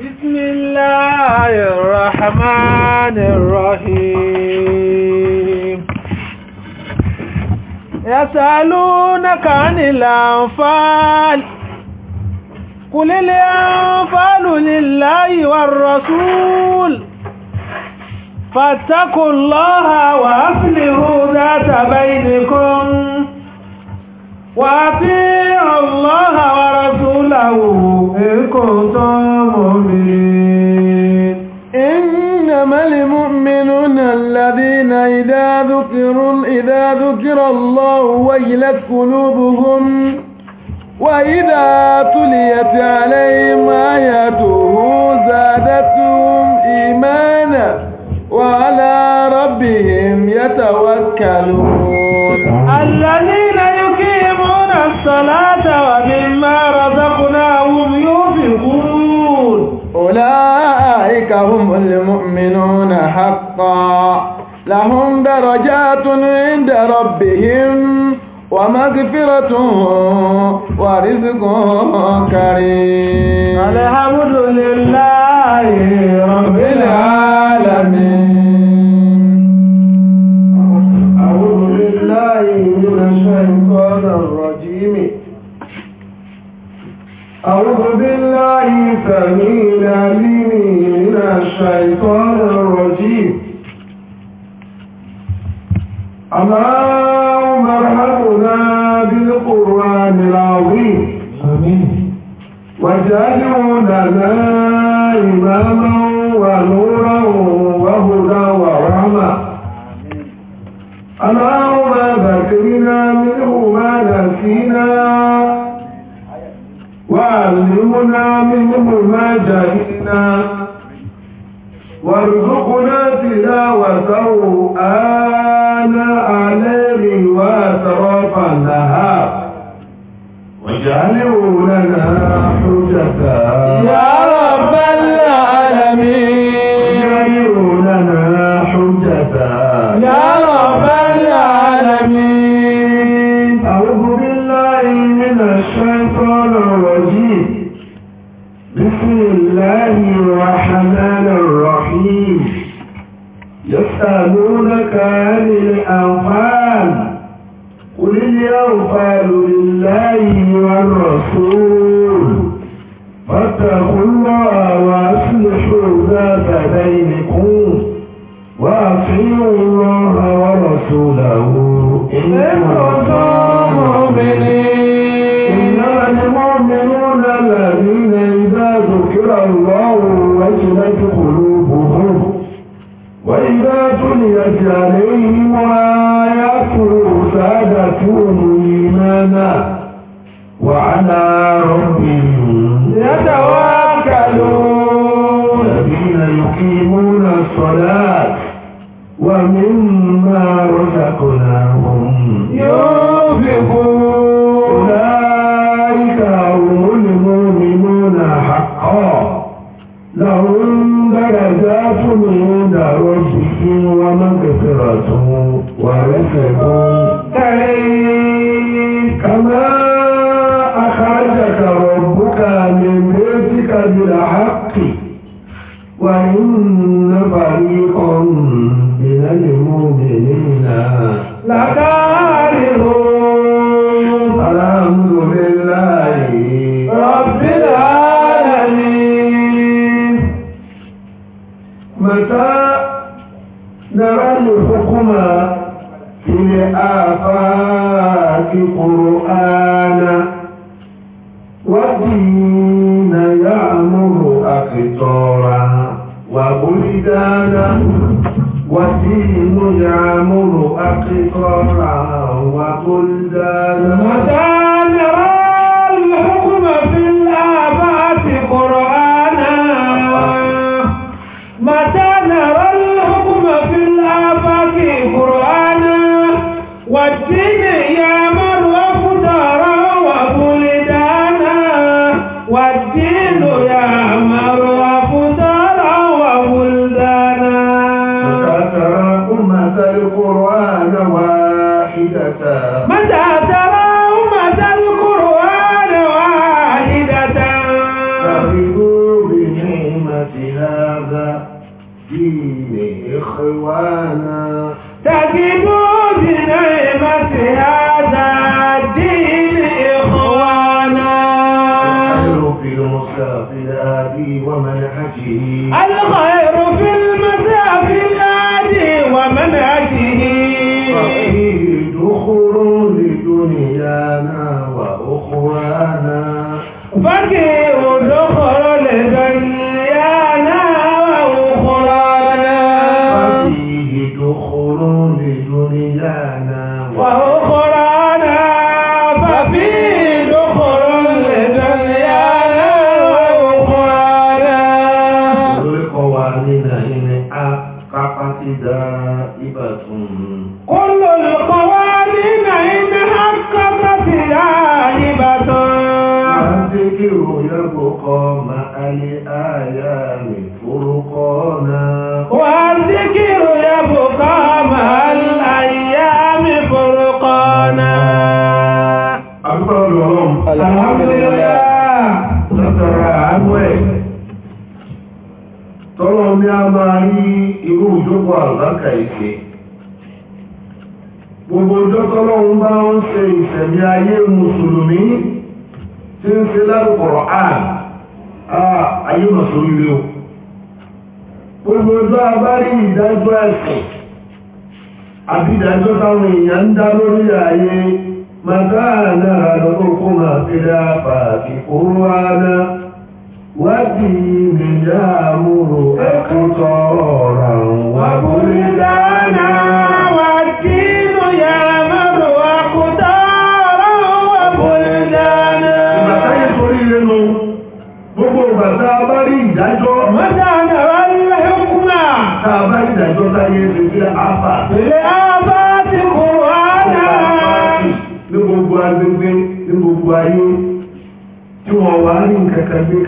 بسم الله الرحمن الرحيم يسألونك عن الأنفال قل الأنفال لله والرسول فاتقوا الله وأفلحوا ذات بينكم وأطيعوا الله ورسوله إن كنتم مؤمنين إنما المؤمنون الذين إذا ذكروا إذا ذكر الله ويلت قلوبهم وإذا تليت عليهم آياته زادتهم إيمانا وعلى ربهم يتوكلون الذين الصلاة ومما رزقناهم ينفقون أولئك هم المؤمنون حقا لهم درجات عند ربهم ومغفرة ورزق كريم الحمد لله رب العالمين أعوذ بالله سميع العليم من الشيطان الرجيم اللهم ارحمنا بالقرآن العظيم آمين واجعله لنا إماما وما ورزقوا كريم كما أخرجك ربك من بيتك بالحق وإن فريقا من المؤمنين لا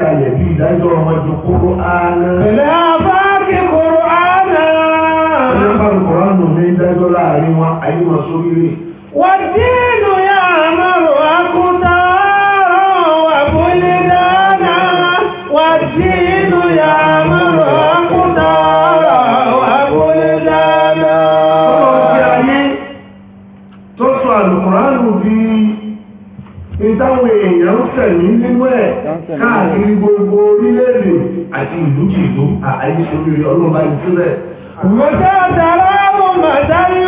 kalẹ̀ bí ìdájọ́ wọn ju kúrò áná. pẹ̀lẹ́ àbá kí kúrò áná. ẹ̀yọ́ bá kúrò áná ní ìdájọ́ láàrin wọn ayé wọn sórí rẹ̀. wọ́n dín káàkiri gbogbo orílẹ̀-èdè àti ìlú kìlú àìsí orí ọlọ́mọ ìtúrẹ̀. Mọ̀tá àtàrà àwọn màtá ní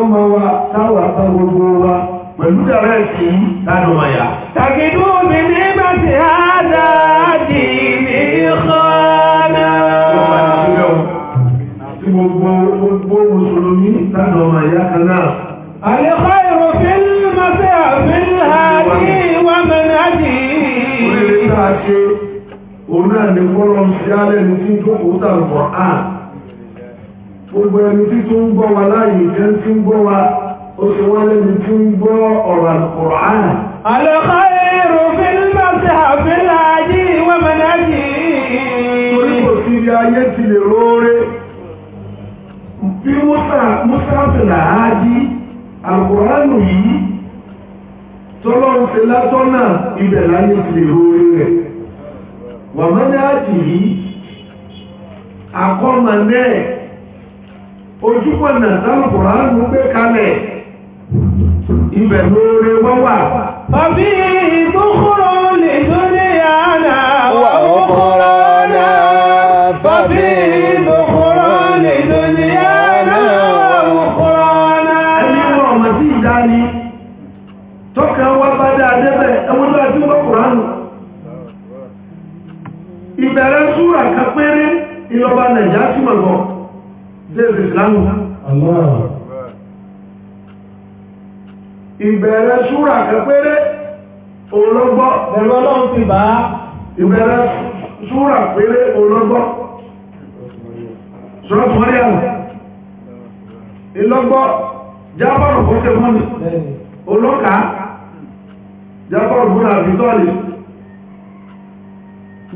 ọmọ wa táwà bá gbogbo wa pẹ̀lú dàrẹ́ sí lánàá ma yá. tàkìdú mi ní bá ti há dáàdì ní ìkọ́nà. gbogbo gbogbo mùsùlùmí lánàá ma yá kan náà. àlẹ́kọ́ ìròfin mọ́tẹ́ àfin hàdí wà mẹ́nàdì. orílẹ̀-èdè àti òun náà ní fọ́lọ́mù alẹ́ ní tí ń jókòó tàbí kọ̀ọ̀án gbogbo ẹni tí tó ń gbọ́ wa láàyè jẹ́ tí ń gbọ́ wa ó sì wọ́n lẹ́nu tí ń gbọ́ ọ̀rọ̀ Al-Qur'an Al-khayru fil mazhabil aji tọ́lọ́run ṣe látọ́nà ibẹ̀ láyé ti lè róore rẹ̀ wà manaji yìí akọ́mọ náà ojúbọ̀nà sálùkùrá ń gbé kalẹ̀ ibẹ̀ lóore wọ́n wà. ọ̀bí ìdókòrò lè lórí àná wà ókòrò náà bọ́bí ìdókòrò lè lórí àná wà ókòrò náà. ẹni wọn ọmọ sí ìdá ni tọ́ka wá bá dáadé bẹ́ẹ̀ ẹwọ́n ló àti wọ́n kùrá nù. ìbẹ̀rẹ̀ súrà kan péré ìlọba nàìjíríà dèrè lánàá ìbẹ̀rẹ̀ ṣúra kẹpẹ́rẹ́ ológbọ́ ẹ̀rọ ọlọ́run ti bá ìbẹ̀rẹ̀ ṣúra pẹ́rẹ́ ológbọ́ ṣọ́fọ́rí àwọn ìlọ́gbọ́ jábọ̀rù fọ́kẹ́ mọ́ni olóka jábọ̀rù fún àbítọ́lì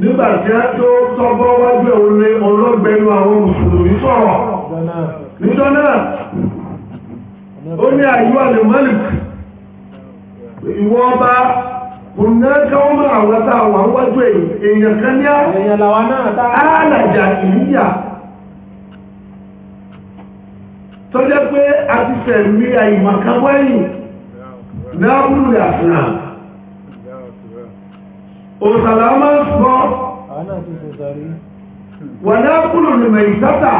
nígbàtí a tó tọ́gbọ́ wájú olóògbẹ́nu àwọn mùsùlùmí sọ̀rọ̀ níjọ́ ó ní iwọba lè mọ́lìk ìwọ ọba kò náà káwọn mọ́ àwọn táwọn àwọn wájú èèyàn kan ní ndị ìyíyà tó jẹ́ pé a ti fẹ̀mí àìmọ̀kánwẹ́yìn náà na rẹ̀ àfihà sọ wà náà ìsátà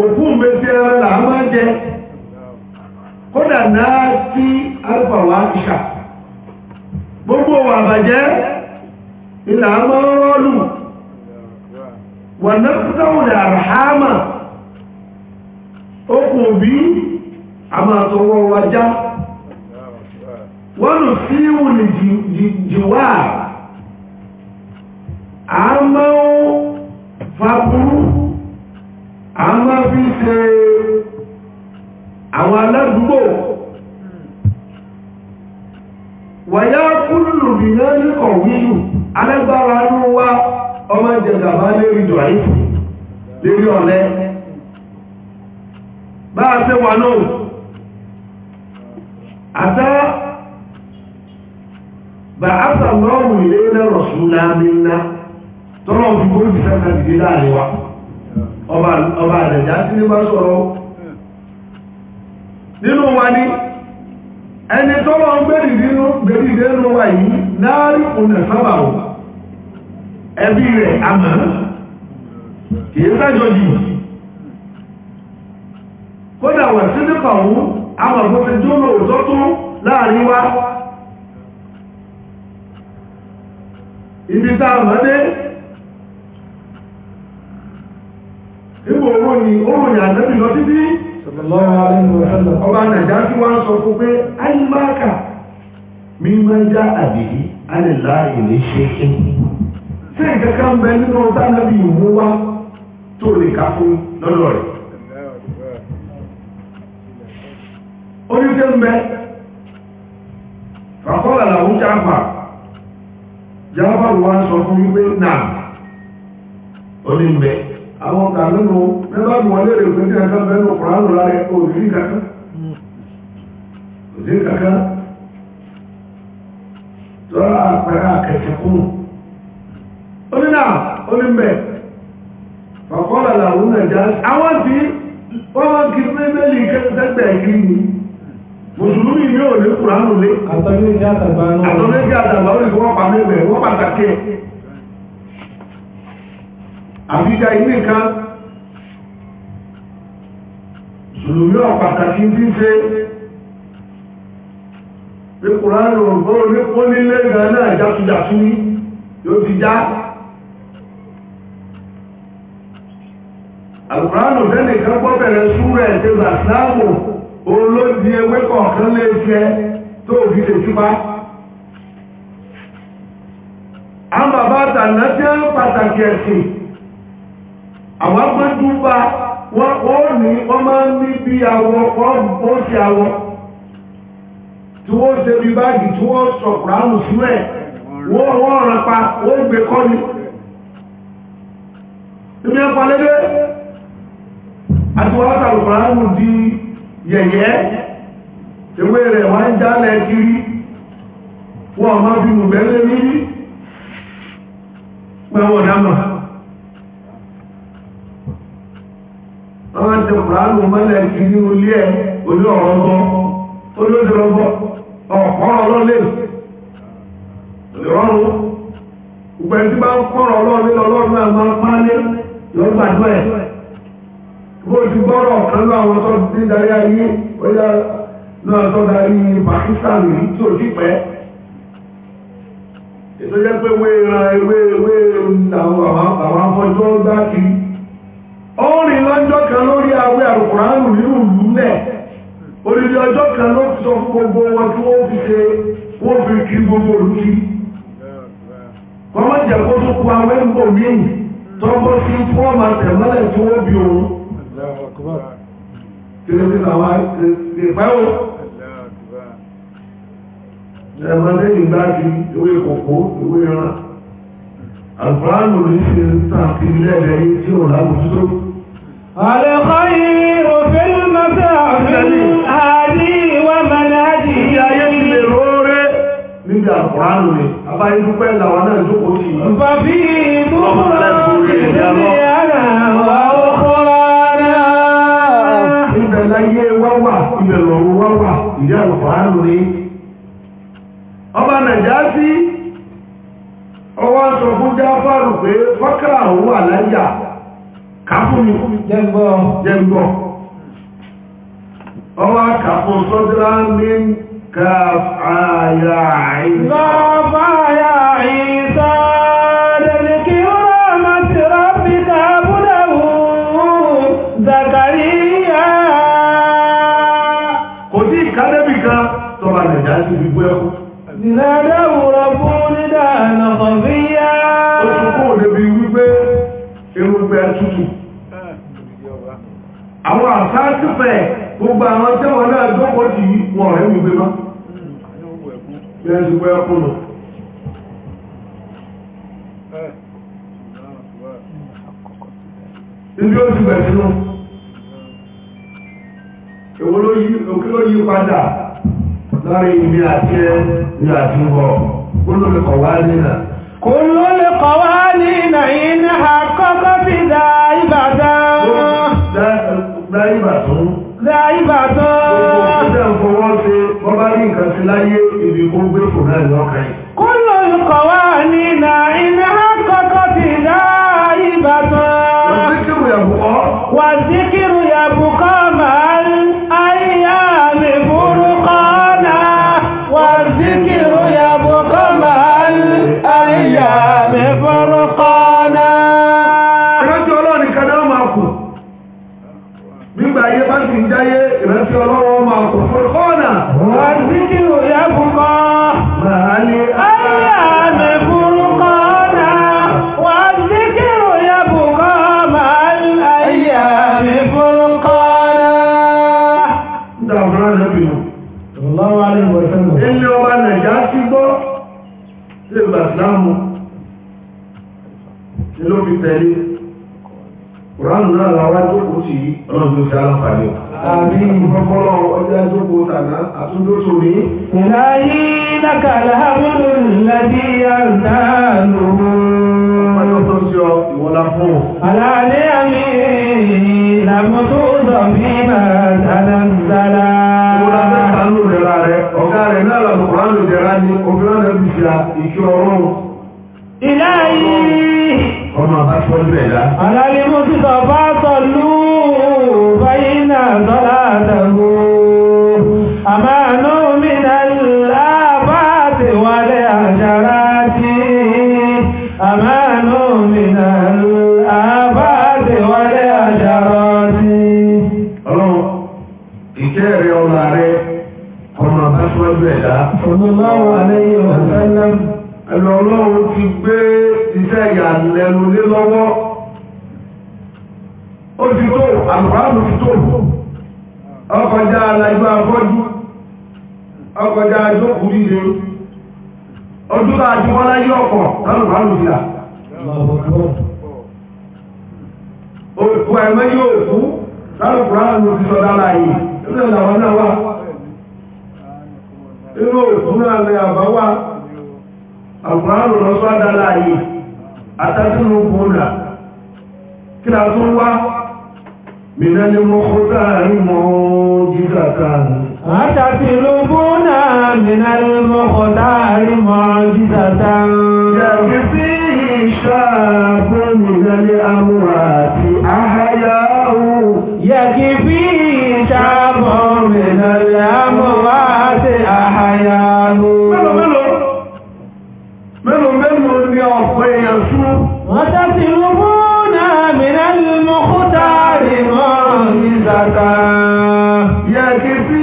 òkú mẹ́sí ẹran là á máa jẹ kódà náà sí alfàwà ìṣà gbogbo wà bàjẹ́ ilà á máa rọ́lù wà náà àràhámà okùn òbí àmàtọ̀wọ̀ wájá wọ́n lù sí ìwùlì jìwáà a máa ń fa àwọn máa fi ṣe àwọn aládùúgbò wàyá kúrùlù bí náà ní kọ̀wíyù alágbára ní wá ọmọ ìjẹgàbá lérí dọ̀rí lérí ọ̀lẹ bá a ṣe wà náà àtẹ́ bá a sàmọ́ òun ilé lẹ́rọ̀ ṣúlá mi ná tọ́rọ̀ ọba àdẹ̀já sí ní bá sọ̀rọ̀ nínú wa ní ẹni tó lọ ń nínú gbẹ̀rì nínú wa yìí náàrí ònà sábà ẹbí rẹ̀ àmà kìí sájọjì kódà wà sí nípa òun àwọn àgbọ́fẹ́ tó lọ òótọ́ tó láàrin wa ibi tá a dé nígbà owó ni ó ròyìn ànábì lọ ọba nàìjà tí wọ́n sọ fún pé máa já àbìyí alìlá ìlé ṣe é sí ìkankan bẹ nínú ọba nàbì ìwú wá tó lè ká fún lọ́dọ̀ rẹ̀ oníṣẹ́ ń bẹ fàkọ́lá àwọn kàmínú mẹ́bàbí wọlé rẹ̀ fún ní ẹ̀kọ́ mẹ́nu kùránù láàrẹ òbìrí kàkán òbìrí kàkán tọ́rọ àpẹẹrẹ àkẹ̀kẹ̀ kúrù ó ní náà ó ní mẹ́ ọ̀kọ́lá làwọn nàìjá àwọn tí wọ́n wọ́n kí pé mẹ́lì kẹ́kẹ́kẹ́ yìí ni mùsùlùmí ní òní kùránù lé àtọ́lẹ́jì àtàbà náà àtọ́lẹ́jì àtàbà ó àbíká ilé kan ṣùlùmí ọ̀pàtàkì tí ń ṣe pé kùránù ọ̀gbọ́ orí ó nílé gan náà jásújású ní yóò ti já àkùránù tẹ́lẹ̀ kan pọ́bẹ̀rẹ̀ súnrẹ̀ ẹ̀tẹ́ bàtìláàmù olóòdí ewé kọ̀ọ̀kan lè jẹ tó fi lè túbá a bàbá àtàlẹ́ tí ó pàtàkì ẹ̀sìn àwọn agbẹ́dúgbà wọ́n ní wọ́n máa ń ní bí àwọ̀ ọ̀pọ̀ ṣe àwọ̀ tí wọ́n ṣe bí báàgì tí wọ́n sọ kùránù sílẹ̀ wọ́n wọ́n rán pa gbé kọ́ ni lédè di yẹ̀yẹ́ ewé rẹ̀ wọ́n ń jálẹ̀ kiri wọ́n máa fi mùbẹ́lẹ́ níbi dámọ̀ wọ́n ti kùránù mọ́lẹ̀ kí ní olé ẹ̀ olé ọ̀rọ̀gbọ́ olóde rọ́gbọ́ ọ̀pọ̀rọ̀ lọ́lẹ̀ ìrọ̀rùn ìgbẹ̀ntí bá ń pọ̀rọ̀ lọ́rin ọlọ́run àmà pálé lọ́gbàdọ́ ẹ̀ bó ti gbọ́rọ̀ kan láwọn tó ti darí ayé ó yá náà tó darí Pakistan rí tí ò sí pẹ́ ètò jẹ́ pé wéèrà ewé ewé àwọn àwọn afọ́jọ́ gbá kiri ó rìn lọ́jọ́ kan lórí awé àrùkùránù anụ ìlú náà olùdí ọjọ́ kan gbogbo wọn gbogbo olùkí wọ́n má jẹ́ kó awé ń bọ̀ míì tọ́gbọ́ sí fọ́ọ̀mù àtẹ̀mọ́lẹ̀ tí wọ́n bí òun kòkó الخير في المساعي هادي ومنهدي níbi àkùránù ni abáyé dúpẹ́ làwọn náà jókòó sí i. bàbí ìdúrà ìdílé àná wà ó kọ́ra náà. ibẹ̀ láyé wáwà ibẹ̀ lọ́rùn wáwà ìdí àkùránù ni. ọba nàìjíríà sí ọwọ́ kàfúnmi jẹ́gbọ́ jẹ́gbọ́ ọwá kàfún sọ́dúrà ní kàfàyà ìsá gbogbo ẹ̀ tútù àwọn àtàtìfẹ̀ gbogbo àwọn tẹ́wọ̀n náà gbọ́pọ̀ tí wọ́n rẹ̀ wù gbé mọ́ lẹ́sùgbọ́ ẹkùn ó ti bẹ̀ sínú èwo ló yí òkè ló yí padà láàrin ibi àti ní kó الذين إن حقق بدائبة dáìbàtọ́ ọ̀pọ̀ ọ̀fọwọ́ sí bọ́bá ní nǹkan sí láyé ìbìkún gbé fò náà lọ́kàá yìí kó lóòrùn kọ̀wàá ní náà iná ló ṣe aláǹfààní o. àbí ìfọ́fọ́lọ́ ọjọ́ ìjókòó tàná àtúndó sórí. ìlàyé lákàlà àbúrò lẹ́bí àgbà lòó. ọmọdé tó ṣe ọ ìwọlá fún ọ. àlàálẹ́ àmì ìlànà tó sọ mí máa dáná dára. ìwọlá mẹ́ta ló jẹra rẹ ọ̀gá rẹ náà lọ́kùnrin àlò jẹra ní obìnrin náà fi ṣe ìṣe ọ̀rọ̀. ìlàyé. ọmọ àbá bẹ̀ dá. àlàálẹ́ mo ti sọ sallallahu alayhi ọlọ́run ti gbé iṣẹ́ ìyàlẹ́nu lé lọ́wọ́ ó ti tó àlùfáàlù ti tó ọkọjá aláìgbà afọ́jú ọkọjá ajókùnrin rẹ̀ ọdún láti wọ́n láyé ọ̀pọ̀ lálùfáàlù òkú ẹ̀mẹ́ yóò ti inú òfúnra rẹ̀ àbáwá àkùnránù lọ sọ́dá láàyè àtàtúnú búrà kí a tún wá mìíràn ni mo kó táàrí mọ́ jíjà kan àtàtúnú búrà mìíràn ni mo kó táàrí mọ́ jíjà kan yàgbé sí ìṣàkó kankan. Yẹ̀kí sí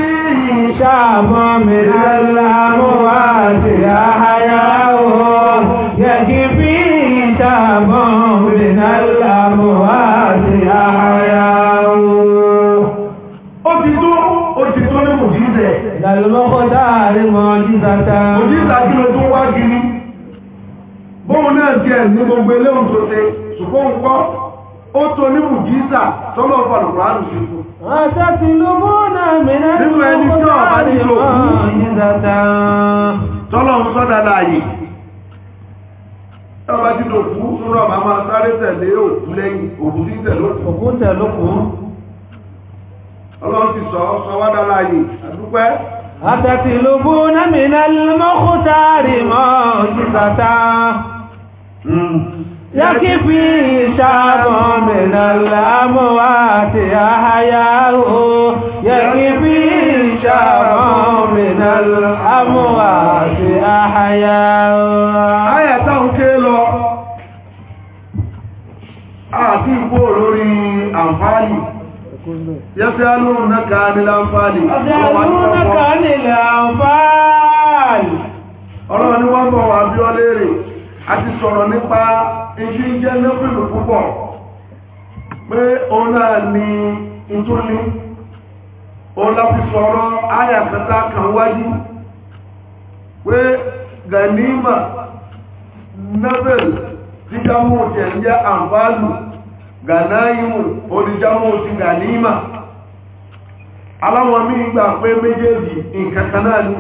ìṣàmọ́ mi lálámúwá sí àháyá o. Yẹ̀kí o. Ó ti o ti ní mùjíṣẹ́. Ìdàlọ́kọ́ dáàrin mọ́ jíṣà ta. Mùjíṣà kí wá kiri. Bóun náà jẹ́ gbogbo eléhùn tó ṣùgbọ́n ń nínú ẹni tí ọba nílò tọ́lọ́run sọ́dá láàyè ọba ti lò fún rọ̀ máa máa sáré tẹ̀lé òkú lẹ́yìn òkú sí tẹ̀lókù ọlọ́run ti sọ sọwádá láàyè àdúpẹ́ أتتلبون من المختار ما جزتا hmm. يكفي شعب من الأموات أحياه يكفي شعب من الأموات أحياه Ayà táwọn ké àti ìgbò lórí àǹfààní, yẹ́ fẹ́ alóhùn náà ká nílá àǹfààní. Ọjọ́ alóhùn a iṣẹ́ jẹ́ lẹ́fìlù púpọ̀ pé òun náà ni ìtúni òun lọ fi sọ̀rọ̀ ayàkẹta kan wájú pé ganima nebel tí jámù jẹ́ jẹ́ àǹfààlù gànáyìmù oníjámù ti ganima aláwọn mí gbà pé méjèèjì nǹkan kan náà ni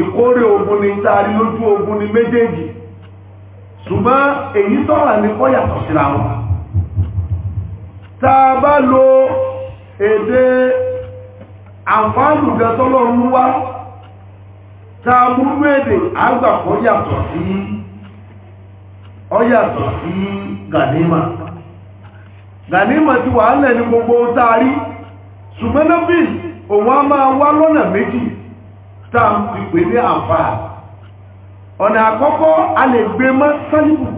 ìkórè ogun ni tààrí lójú ogun ni méjèèjì ṣùgbọ́n èyí tó wà ní kọ́ yàtọ̀ síra wọn tá bá lo èdè àǹfààní ń wá tá a èdè àgbà yàtọ̀ sí ọ sí ganima ganima ti wà á gbogbo táàrí ṣùgbọ́n náà bí òun á máa wá lọ́nà méjì tá a ọ̀nà àkọ́kọ́ a lè gbé mọ́ sálíbù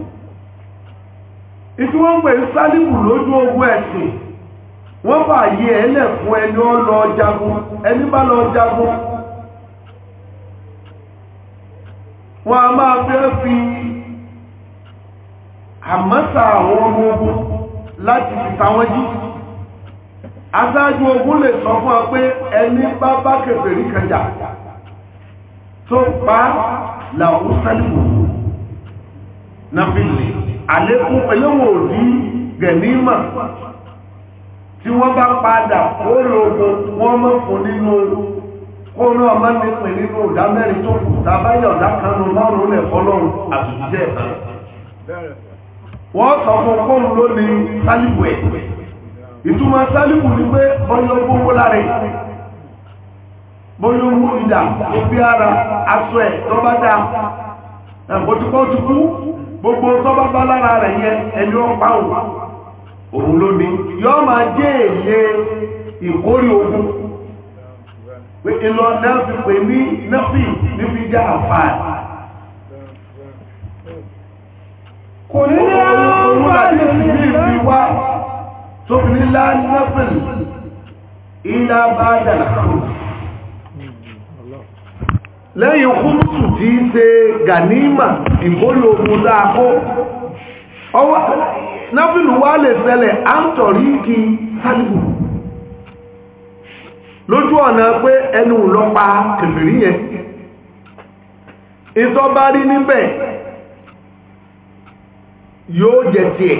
ìtí wọ́n ń pè sálíbù lójú ogun ẹ̀sìn wọ́n bá yí ẹ̀lẹ̀ fún ẹni ó lọ jagun ẹni bá lọ jagun wọ́n a máa fẹ́ fi àmọ́sà àwọn ọmọ ogun láti fi tàwọn jí aṣáájú ogun lè sọ fún ọ pé ẹni bá bá kèfèrí kẹjà tó pa á làwọn salifu na fi àlékún ẹlẹ́wọ̀n òdí gẹ̀mímà tí wọ́n bá padà kóòrò ogun wọn mọ fún nínú kóòrò ọmọ nípìn nínú ọ̀dá mẹ́rin tó kù tàbáyà ọ̀dá kanu márùn-ún lẹ̀ fọ́lọ́run àtúnjẹ́ wọ́n sọ fún kóòrò lónìí bóyá ó mú ibi ara aṣọ ẹ̀ tọ́bá dá gbogbo tọ́bá bá lára rẹ̀ yẹ ẹni ọ̀pá òun ló ní yọ́ máa jẹ́ èyẹ ìkórè ogun ìlọ náà pè ní nọ́fì níbi jẹ́ àfáà kò ní ní àwọn tó lẹ́yìn kúrúsù tí í ṣe ganima ìkólò ogun dáakó náfìlù wá lè ṣẹlẹ̀ à kí sálìbù lójú ọ̀nà pé ẹnu lọ́pa kèfèrí yẹn ìtọ́bá rí níbẹ̀ yóò jẹ tiẹ̀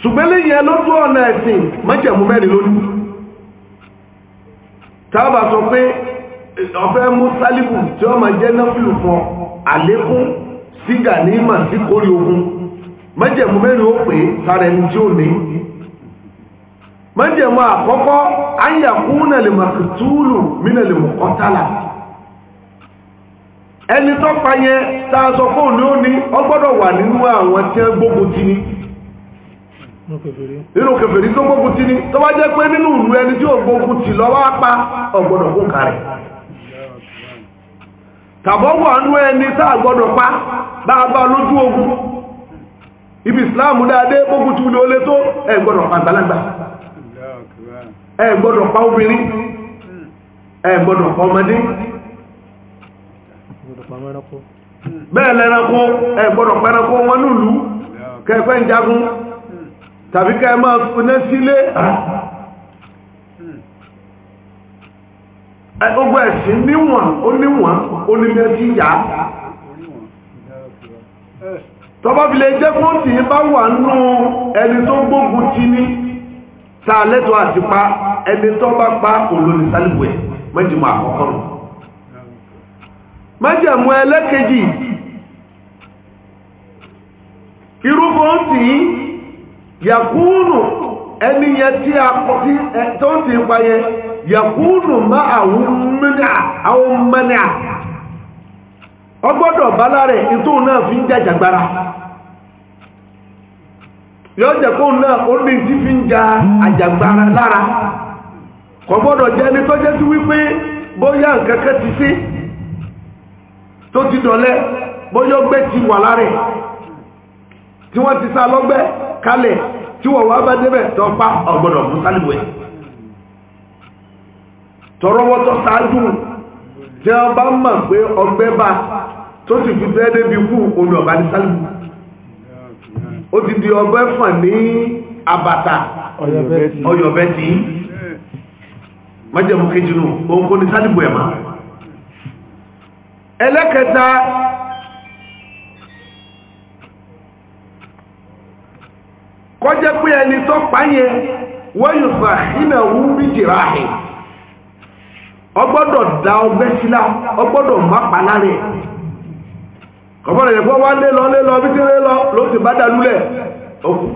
ṣùgbẹ́lẹ̀ yẹn lójú ọ̀nà ẹ̀sìn májẹ̀mú mẹ́rin lónìí sọ pé ọ̀fẹ́ mú sálíbù tí ó ma jẹ́ náfìlù fún àlékún sígà ní sí kórí ogun mẹ́jẹ̀mú mẹ́rin ó pè sára ẹni tí ó ní mẹ́jẹ̀mú àkọ́kọ́ ayàkú nàlèmọ̀kìtúlù mínàlèmọ̀kọ́tàlà ẹni tó pa yẹn tá a sọ fún ó ní gbọ́dọ̀ wà nínú àwọn tí gbógun ti nínú ni tó bá jẹ́ pé nínú ìlú ẹni tí ò gbógun ti tàbọ́wọ̀ ọ̀nú ẹni sáà gbọ́dọ̀ pa bàbá lójú ogun ibi islamu dáadé e gbógutu ní olé tó ẹ e pa àgbàlagbà e ẹ pa obìnrin ẹ pa ọmọdé bẹ́ẹ̀ lẹ́ranko ẹ gbọ́dọ̀ wọn nílùú kẹfẹ́ ń jagun tàbí kẹ gbogbo ẹ̀sìn níwọ̀n ó níwọ̀n ó ní bẹ́ẹ̀ sí yá tọ́bọ́ fi lè jẹ́ fún tí bá wà nú ẹni tó gbógun ti ní ta lẹ́tọ́ àti pa ẹni tó bá pa olóni sálìwẹ̀ mẹ́jìmọ̀ àkọ́kọ́ rẹ̀ mẹ́jẹ̀mú ẹlẹ́kejì irúgbọ́n tí yàkúùnù ẹni yẹn tí a pọ̀ tí tó ti pa yẹn yakunu ma awu àwọn awu ọgbọ́dọ̀ bá lára náà fi ń jàjàgbára yóò jẹ́ kó náà ó ní tí fi ń ja àjàgbára lára kò gbọ́dọ̀ ní tọ́jẹ́ sí wípé bóyá ti sí tó ti bóyá ti wà lára tí ti sá tí bá fún tọrọwọ́tọ́ ṣáájú tí wọ́n bá mọ̀ pé ọgbẹ bá tó sì fi fẹ́ débi kú ní ó ti di ọgbẹ́ fàn ní àbàtà ọyọ̀bẹ tí májẹ̀mú kejì nù ní sálùbù ẹ̀ máa ẹlẹ́kẹta kọjẹ́ pé ẹni tó pààyẹ ọgbọ́dọ̀ dá ọgbẹ́ sílá ọgbọ́dọ̀ mápa lárẹ̀ kọ̀bọ̀rẹ̀ yẹ̀kọ́ wá lé lọ lé lọ lé lọ ló ti bá dàlúlẹ̀ òkú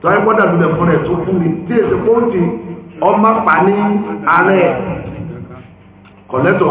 tó ẹ́ gbọ́dà lulẹ̀ fún ẹ̀ tó kú ní tí èsì kó ti pa ní ààrẹ kọ̀lẹ́tọ̀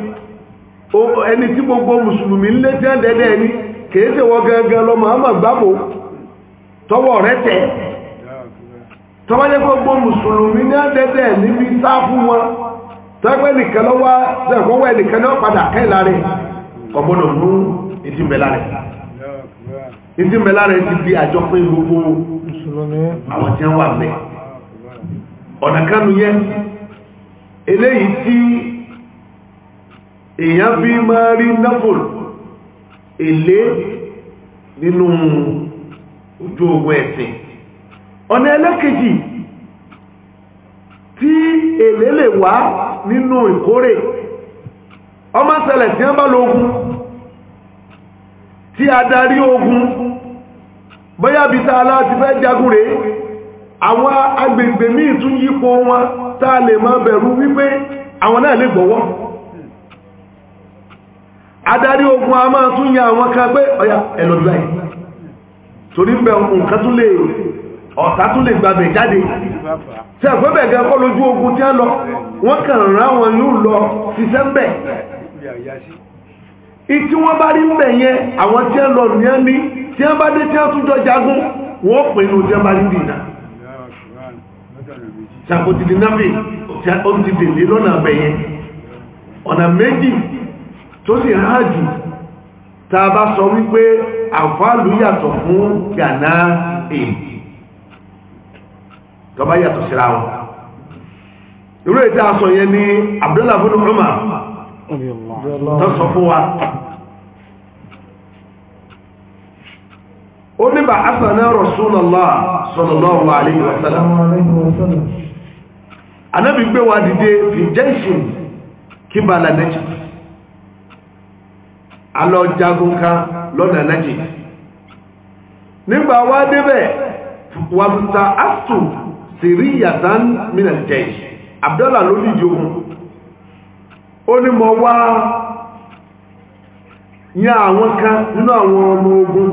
ẹni tí gbogbo mùsùlùmí ń lé a dẹ́dẹ́ ẹni kìí ṣe wọ gẹ́gẹ́ lọ màámà gbábò tọwọ rẹ tẹ̀ tọ́wọ́lé gbogbo mùsùlùmí ní dẹ́dẹ́ níbi sá fún wọn tọ́gbẹ́ nìkan lọ́wọ́ ṣẹ̀kọ́wọ́ ẹnìkan ní ọ̀padà mú ti di àjọ pé gbogbo àwọn tí wọ́n wà ọ̀nà kánú yẹn eléyìí tí èyàn fi máa rí náfòl èlé nínú ojú ogun ẹ̀sìn ọ̀nà ẹlẹ́kejì tí èlé lè wá nínú ìkórè ọmọ ṣẹlẹ̀ tí wọ́n bá lọ ogun tí adarí ogun bóyá bí tá láti fẹ́ jagun rèé àwọn agbègbè míì tún yípo wọn tá lè máa bẹ̀rù wípé àwọn náà lè gbọ́wọ́ adarí ogun a máa tún yà àwọn kan pé ọya ẹlọ́dún báyìí torí ń nǹkan tún lè ọ̀tá tún lè gbàgbẹ̀ jáde tí gan kọ́ lójú ogun tí a lọ wọ́n kàn rán wọn ní lọ ṣiṣẹ́ ń ìtí wọ́n bá rí ń yẹn àwọn tí a lọ ní ní tí a tó sì ta bá sọ wípé àfáàlú yàtọ̀ fún gànà èyí tó yàtọ̀ síra wọn irú yẹn ni Abdullah bin Umar tó sọ fún wa ó ní bá asànà sallallahu alaihi wasallam gbé wa dìde fi alọ́jagun kan lọ́nà nájì nígbà wá débẹ̀ wàmùsà astù sírí yàtàn mìíràn jẹ́ Abdullah ló dìde ogun ó ní mọ̀ wá yán àwọn kan nínú àwọn ọmọ ogun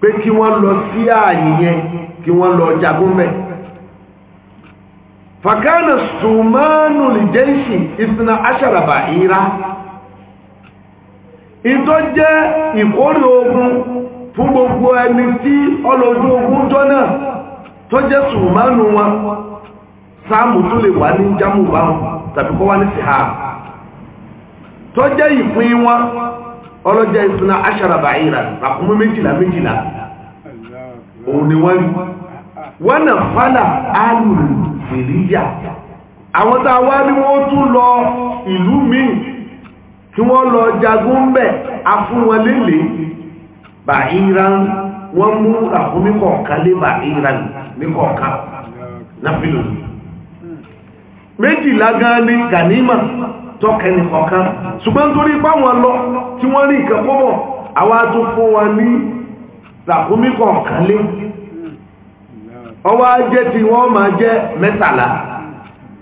pé kí wọ́n lọ sí ààyè yẹn kí wọ́n lọ jagun mẹ́ fàkánà sùmánù lè jẹ́ ìṣìn ìsinà aṣàràbà ìrá ìtọ́ jẹ́ ìkórè ogun fún gbogbo ẹni tí ọlọ́dún ogun jọ náà tó jẹ́ sùmánù wọn sáàmù tó lè wà ní jámù báwọn tàbí kọ́ wá ní sìhá tó jẹ́ ìpín wọn ọlọ́jẹ́ ìsinà aṣàràbà ìrà àkúmú méjìlá méjìlá òun ni wọ́n wọ́n nà fánà alùrù fèríyà àwọn tàwa ni tí wọ́n lọ jagun ń bẹ̀ afúnwọn lélẹ̀ bà wọ́n mú àkúnmí kọ̀ọ̀kan lé bà iran ní ní ganima tọ́kẹni kọ̀ọ̀kan ṣùgbọ́n torí páwọn lọ tí wọ́n rí ìkẹ́ pọ́bọ̀ àwọn tó fún wa ní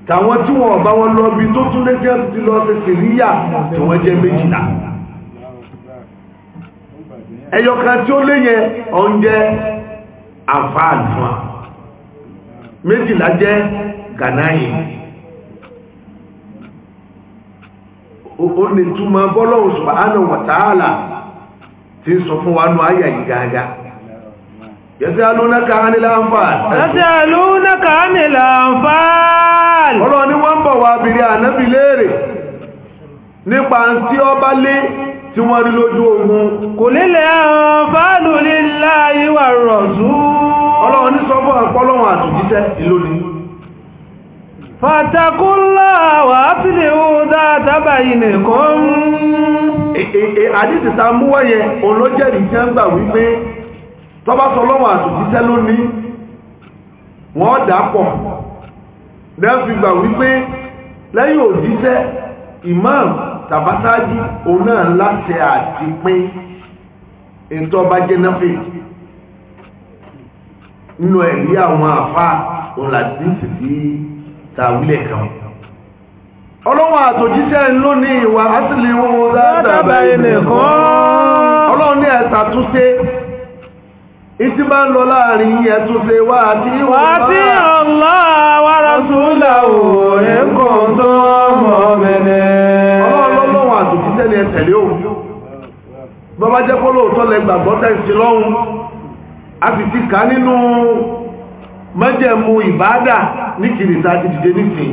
tàwọn tí wọn bá wọn lọ bí tó tún lé jẹ́ ti lọ sí sìríyà tí wọ́n jẹ́ méjìlá ẹyọkan tí ó lé yẹn oúnjẹ àǹfààní fún wa méjìlá jẹ́ gànáyì ó lè túmọ̀ bọ́lọ́hùn subhanahu wa ta'ala ti sọ fún wa nù ayà yìí gáagáa yẹsẹ̀lúnaka anilanfal yẹsẹ̀lúnaka anilanfal ọ̀rọ̀ ni wọ́n bọ̀ wá bìrì ànábì léèrè nípa tí ọ lé tí wọ́n rí lójú ogun kò lílẹ̀ ànfààlù lillahi wa rasul ọlọ́run ní sọ́bọ̀ ìlónìí fàtàkùnlá wà nìkan. àdìsí òun ló jẹ́rìí jẹ́ ń gbà wípé tọ́bá sọ lọ́wọ́ àtòjíṣẹ́ lónìí wọ́n dàpọ̀ lẹ́fì gbà wípé lẹ́yìn òjíṣẹ́ imam tàbátájí òun náà láṣẹ àti pín ètò ọba jẹ́nàfì nínú ẹ̀rí àwọn àfá òlàdínsì sí tàwílẹ̀ kan ọlọ́wọ́ àtòjíṣẹ́ lónìí wà á sì lè wọ́n dáadáa báyìí nìkan ọlọ́run ní ẹ̀sà túnṣe ìtí máa ń lọ láàrin ẹ̀tún ṣe wá àti Allah wa rasulahu in kuntum mu'minin ọlọ́lọ́wọ́ àtòkítẹ́ ni ẹ̀tẹ̀lé òun bọ́bá jẹ́ kó lóòótọ́ lẹ gbàgbọ́ tẹ̀sí lọ́hùn a sì ti kà nínú májẹ̀mú ìbáàdà ní kìrìtà ti dìde nísìn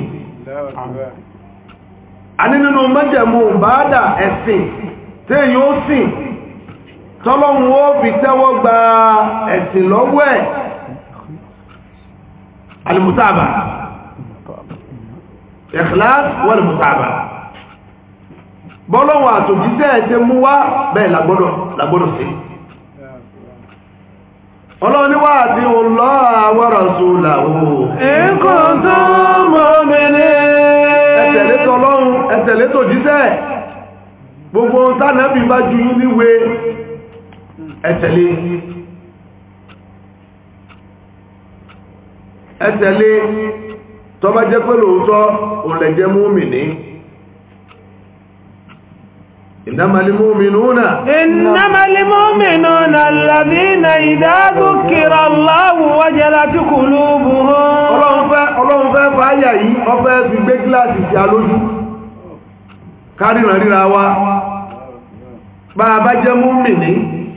a ní nínú májẹ̀mú ìbáàdà ẹ̀sìn tí ó sìn tọ́lọ́run ó fi tẹ́wọ́ gba ẹ̀sìn lọ́wọ́ ẹ̀ alìmùtàbà ikhlas wọ́lìmùtàbà bọ́lọ́wọ́ àtòjíṣẹ́ ẹ̀ṣẹ́ mú wá bẹ́ẹ̀ lagbọ́dọ̀ sí ọlọ́niwà àti Allah wa rasulahu ẹ̀kọ́ tó mọ́ gbogbo ẹtẹlẹ ẹ̀tẹ̀lé tọ́bá jẹ́ pé lóòótọ́ òlẹ̀jẹ́ múmìnì ìdámalé múmìnúnà ìdámalé múmìnúnà alladhina idha dhukira Allahu na qulubuhum ọlọ́run fẹ́ fàáyà yìí ọfẹ́ fi gbé gíláàsì sí alójú kárìnà wa bá a bá jẹ́ múmìnì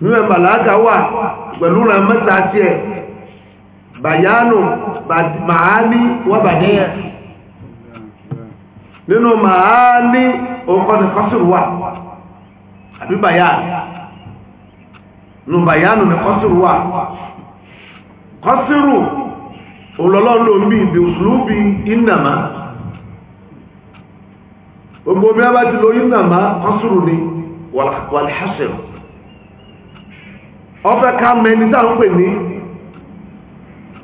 nínú ẹ̀bàlágà wà pẹ̀lú rẹ̀ mẹ́ta sí ẹ̀ bàyánù màálí wà bàdẹ́yẹ nínú màálí òkọ́ni kọ́sùrù wà àbí bàyánù bàyánù ní kọ́sùrù wà kọ́sùrù olọ́lọ́lọ́mí a ni wàlhásìrù ọfẹ́ ká mẹni tá ń pè ní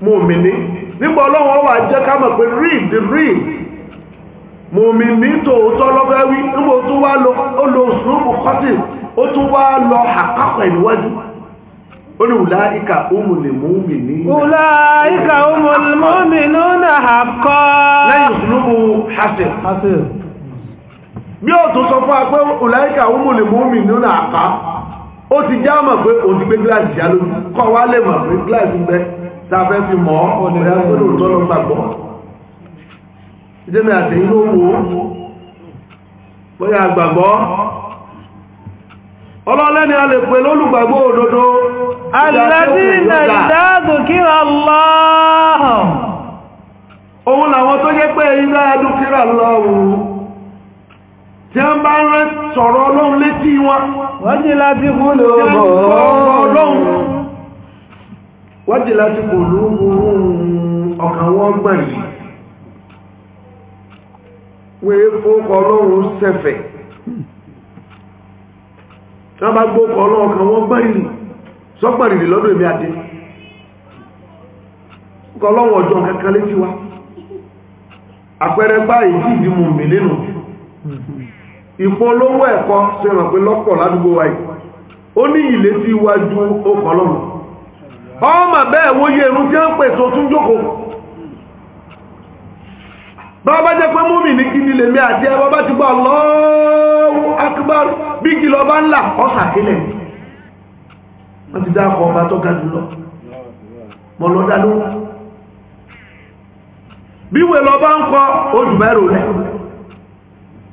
mòmìnì nígbà ọlọ́wọ́ wà jẹ́ ká mọ̀ pé read read mòmìnì tòótọ́ lọ́fẹ́ wí nígbà tó wá lọ ó lo sùúrù kọ́tì ó tún wá lọ àkápọ̀ ìníwájú ó ní ùláìkà òmùlè mòmìnì ùláìkà òmùlè mòmìnì náà àkọ́ lẹ́yìn sùúrù hasẹ̀ bí ó tún sọ fún apẹ́ ùláìkà òmùlè mòmìnì náà àkọ́ ó ti já mọ̀ pé òun ti gbé gíláàsì já lójú kọ́ wa lè mọ̀ pé gíláàsì ń bẹ a fi mọ̀ ọ́ ọ̀nà ìyàgbọ́n òótọ́ gbàgbọ́ bóyá ọlọ́lẹ́ni a lè pè lólùgbàgbọ́ òdodo alẹ́dínà ìdádùkírà lọ́hùn òun làwọn tó tí a bá rán sọ̀rọ̀ ọlọ́run létí wọn wájílá tí kò lóòrò ọlọ́run wájílá tí kò lóòrò ọkàn wọn gbà yìí wọ́n fókọ ọlọ́run sẹ́fẹ̀ tí wọ́n bá gbókọ ọlọ́run ọkàn wọn yìí sọ́pàrìrì ìpolówó ẹ̀kọ́ ṣe ràn pé lọ́pọ̀ ládùúgbò wa ó ní ilé tí wájú ọkọ̀ ọmọ bẹ́ẹ̀ wóye irun tí ó ń pè tún jókòó bàbá jẹ́ pé múmi ní kí nílé mi àti ẹbọ ti gbọ́ Allahu Akbar bí kí lọ bá ń ti ọba bá ń kọ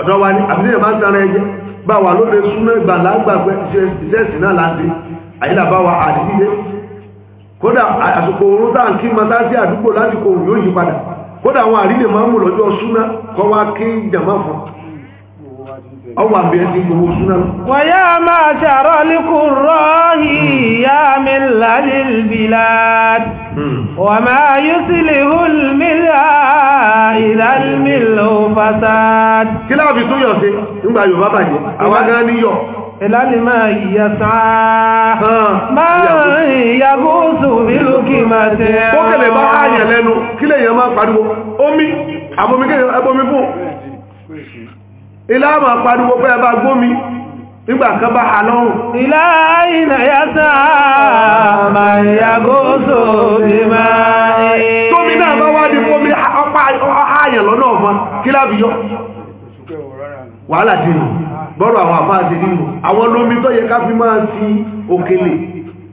ọ̀dọ́ wa ní àbílẹ̀ máa ń tara ẹjẹ́ bá wà ló lè súnmọ́ ìgbà lágbàgbẹ́ ìṣẹ́sì náà láti àyílà bá wa àdídé kódà àsìkò oorun tá à ń kí mata sí àdúgbò lásìkò òun yóò yí padà kódà àwọn àrílè máa ń mú lọ́jọ́ súnmọ́ kọ́ wá kí jàmá fún un ọwà bí ẹni gbogbo súnà. wọ́n yá máa ṣàrọ́ ní kúrọ́ ìyá mi lálìbìlá hmm. wọ́n máa yí sílẹ̀ hulmílá ìlàlmílò fasad. kí láàbí tún yọ̀ sí nígbà Yorùbá bàjẹ́ àwọn gan ní yọ̀. ìlàlì máa sáà máa yàgò sùnmílù kí máa tẹ́ ìlàmà pariwo pé ẹbá gómi nígbà kan bá ha lọ́rùn ìlàáìnà yásá àmà ìyàgóso bí máa tómi náà bá wá ní fómi ọ̀háyàn lọ́nà ọ̀fán kí lábíyọ́ wàhálà dínú bọ́rọ̀ àwọn àfáà ti nínú àwọn lómi tó yẹ ká fi máa ti òkèlè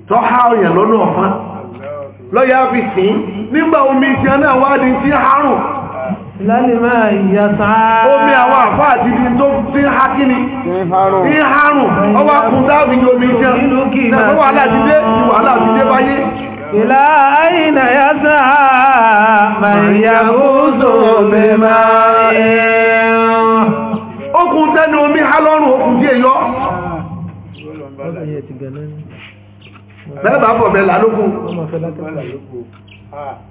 tó há ọ̀yàn lọ́nà ọ̀fán lọ́yà fi sín nígbà omi ìsìn náà wá ní sí àárùn lálẹ́mà ìyàtà omi àwọn àfá àti ibi tó tí ń ha kí ni ní harùn ọwá dáàbì omi jẹun ala okùn tẹ́nu omi ha lọ́rùn okùn díẹ̀ yọ bẹ́ẹ̀ bá bọ̀ bẹ́ẹ̀ lálókùn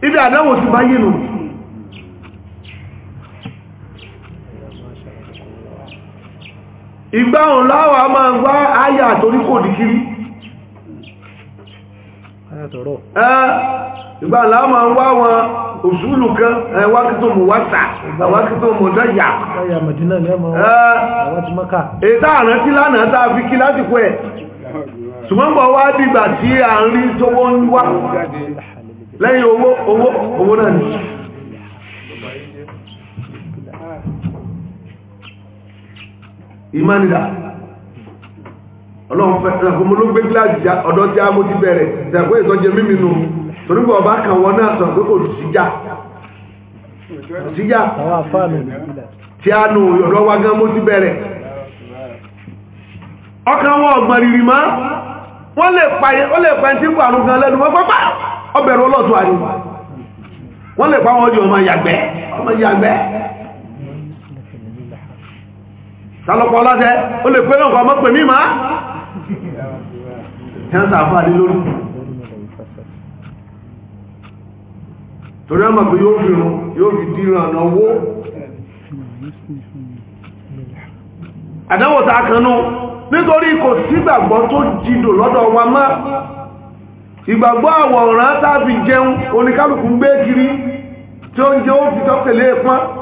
ibi ìgbáhùn láwà máa ń gba ayà torí kò kiri ìgbáhùn láwà máa ń wá wọn òṣùlù kan wákìtò wáta dáyà ètà àrántí lánàá tàà fi kí láti pẹ́ ṣùgbọ́nbọ̀ wá dìgbà tí ń rí tó wọ́n wá lẹ́yìn owó owó náà ìmánidà ọlọ́run fẹ́ ẹ̀kọ́ gbé ọ̀dọ́ tí a mú ti bẹ̀rẹ̀ ìsọjẹ mímì nù ọba kan wọn náà sọ pé kò síjà tí a nù ọ̀dọ́ wa gan mú ti bẹ̀rẹ̀ ọkàn wọn rírì wọ́n lè lè tí kò àrùn gan lẹ́nu wọ́n pápá ọbẹ̀rún ọlọ́tún àríwá wọ́n lè sálọ́pọ̀ ọlọ́dẹ o lè pẹ́ lọ́pọ̀ ọmọ pẹ̀mí máa tẹ́ǹsà àfáàdé lórí torí ọmọ pé yóò fi rún yóò fi díràn owó àdánwòta kanú nítorí kò sígbàgbọ́ tó jìdò lọ́dọ̀ wa ìgbàgbọ́ àwọ̀ràn tàbí jẹun kiri tí ó ń jẹ́ ó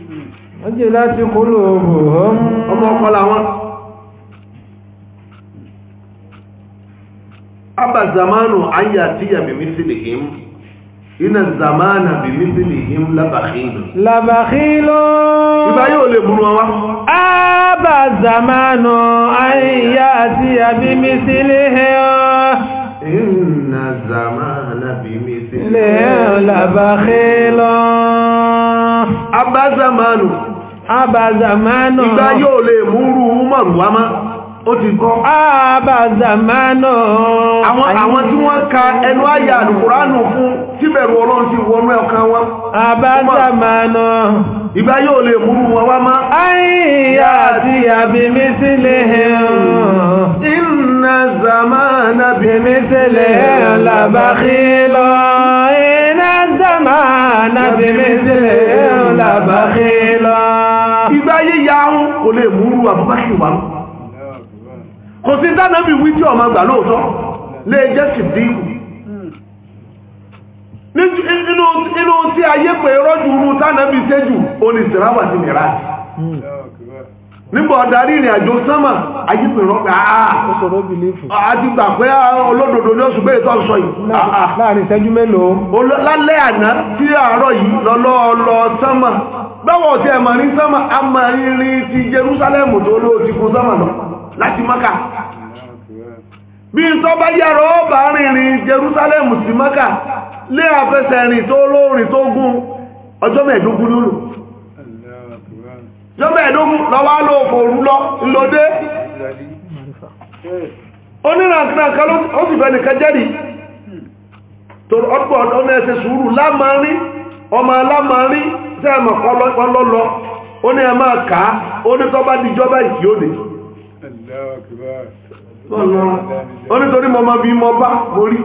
wọ́n jẹ́ láti kó lóòbò ọmọ ọkọlá wọn abà zamanu ayà tí yàmì mísìlì him iná zamana bí mísìlì him labakhilu labakhilu ibá yóò lè múnú wọn abà zamanu ayà tí yàmì mísìlì him inna zamana bi mithlihi la bakhila abazamanu Abazamano, ìgbà yóò lè múrù Umaru wá má ó ti kọ́ abàzàmánà àwọn tí wọ́n ka ẹnu àyà alùkùránù fún tíbẹ̀rù ọlọ́run ti wọnú ẹ̀kan wọn abàzàmánà ìgbà yóò lè múrù wọn wá má àyíyà àti àbìmí sílẹ̀ ìnà zàmánà bìmí sílẹ̀ làbákí lọ́ọ́ náàbí mẹ́sílẹ̀ ọlábàáhé lọ. ìgbà yíya ń kò lè múrú àbúbákì wà kò sí tánàbí wí tí ọmọ gbà lóòtọ́ lè jẹ́ sì dínkù inú tí ayé pé rọ́jù rú tánàbí sẹ́jù oníṣẹ́ráwà sí mìíràn nígbà ọ̀darí ìrìn àjò sánmà ayípẹ̀rọ àtìgbà ah, ah. pé ah, olódodo ní oṣù bẹ́ẹ̀ tó yìí láàrin ìṣẹ́jú mélòó lálẹ́ àná tí àárọ̀ yìí lọ́lọ́ọ̀lọ́ sánmà báwọ̀ tí ẹ ma ní sánmà a ma irin ti Jerusalem tó ló ti kún sánmà lọ láti Maka bí n Jerusalem sí Maka lé àfẹsẹ̀rìn tó lóòrìn tó gún ọjọ́ mẹ́ẹ̀dógún lóòrùn jọ́mọ̀ ẹ̀dógún lọ́wọ́ ló fòrú lọ ńlọdé onírànkìrànkà ó sì fẹ́ nìkan jẹ́rìí tó ọ̀pọ̀ ọ̀nà ẹ̀sẹ̀ sùúrù lámàárín ọmọ alámàárín sẹ́ẹ̀mọ̀ kọlọ́lọ́ ó ní ẹ máa kàá ó ní tọ́bá dìjọba ìkì ó dé ó nítorí mọ́mọ́ bí mọ́ bá borí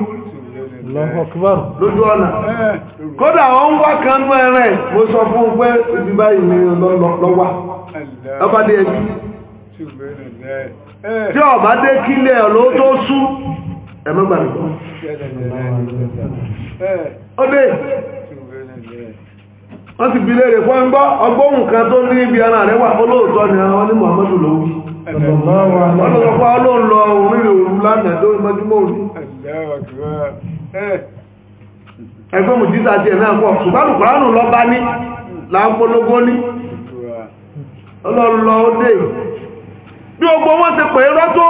lójú ọ̀nà kódà wọ́n wá kan ní ẹ̀rẹ́ mo sọ fún un pé ibi báyìí ni lọ́wà ẹbí tí ọ dé kílẹ̀ tó sú ó dé wọ́n ti bilé rẹ̀ fún ẹgbọ́ kan tó ní ibi ara rẹ̀ wà olóòtọ́ ni ní Muhammadu ẹgbẹ́ mùjísà ti ẹ̀mẹ́ ẹ̀kọ́ ṣùgbọ́n kùránù lọ bá ní láńpológó ní ọlọ́lọ́ dé bí ogbó wọ́n ti pè rọ́ tó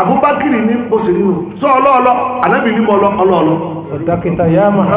àbúbákìrì ní oṣù nínú sọ ọlọ́ọ̀lọ́ ní ọlọ́ọ̀lọ́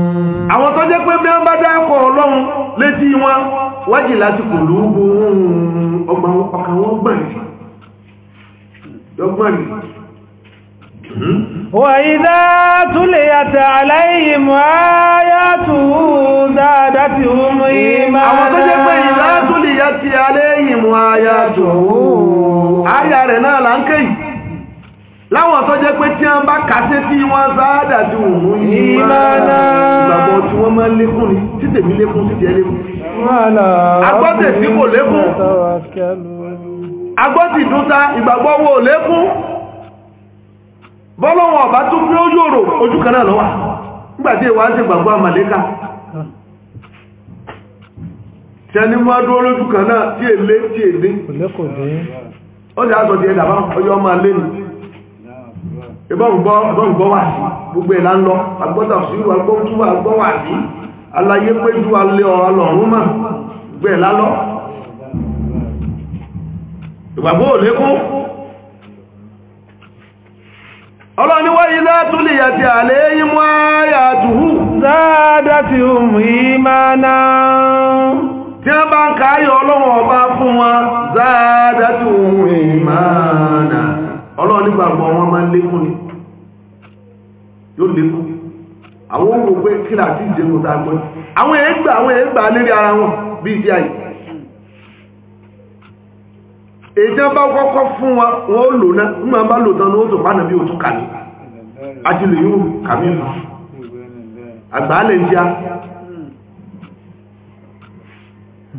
àwọn tó jẹ́ pé bí wọ́n bá dákọ̀ ọlọ́run létí wọn wájì láti kò ló ń bo ọgbọ̀n ọkàn wọn gbọ̀n dọ́gbọ̀n وَإِذَا تُلِيَتْ عَلَيْهِمْ آيَاتُهُ زَادَتْهُمْ إِيمَانًا àwọn tó jẹ́ pé إِذَا تُلِيَتْ عَلَيْهِمْ آيَاتُهُ àyà rẹ̀ náà là láwọn tó jẹ́ pé tí ń bá kàṣẹ́ tí wọn sáádà ju òun máa ìgbàgbọ́ wọ́n máa ń lékún ni tí mí lékún títè tiẹ̀ lékún. agbọ́tẹ̀ tí kò lékún agbọ́tì dúta ìgbàgbọ́ wo lékún bọ́lọ́wọ́n ọ̀bá tún ojú kan náà nígbà tí ìwà ń ṣe gbàgbọ́ àmàlẹ́kà dúró lójú kan náà tí èlé tí èdè ó ti lé ni. ìbọ̀rùbọ̀ wà sí gbogbo ìlà ń lọ agbọ́ta sírù agbọ́túwà agbọ́ wà sí alayé péjú alẹ́ ọlọ́run mà gbogbo ìlà lọ ìgbàgbọ́ ò lékún ọlọ́niwọ́ ilẹ̀ túnlẹ̀ yàtì àlẹ́ yìí mọ́ àyàtùhù dáadá ti hùn yìí máa náà tí a bá ń káyọ̀ ọlọ́run ọba fún wọn dáadá ti hùn yìí máa náà ọlọ́nigbàgbọ́ wọn máa lékún ni yóò lékún àwọn ohun pé kílà tí ìjẹ́ kò tá gbọ́ àwọn àwọn lérí ara wọn bí ìdí àyè èdè bá kọ́kọ́ fún wa wọ́n lò náà nígbà bá lò tán ní pánà bí ó tó ajílẹ̀ yóò kàmí lù àgbàálẹ̀ ń já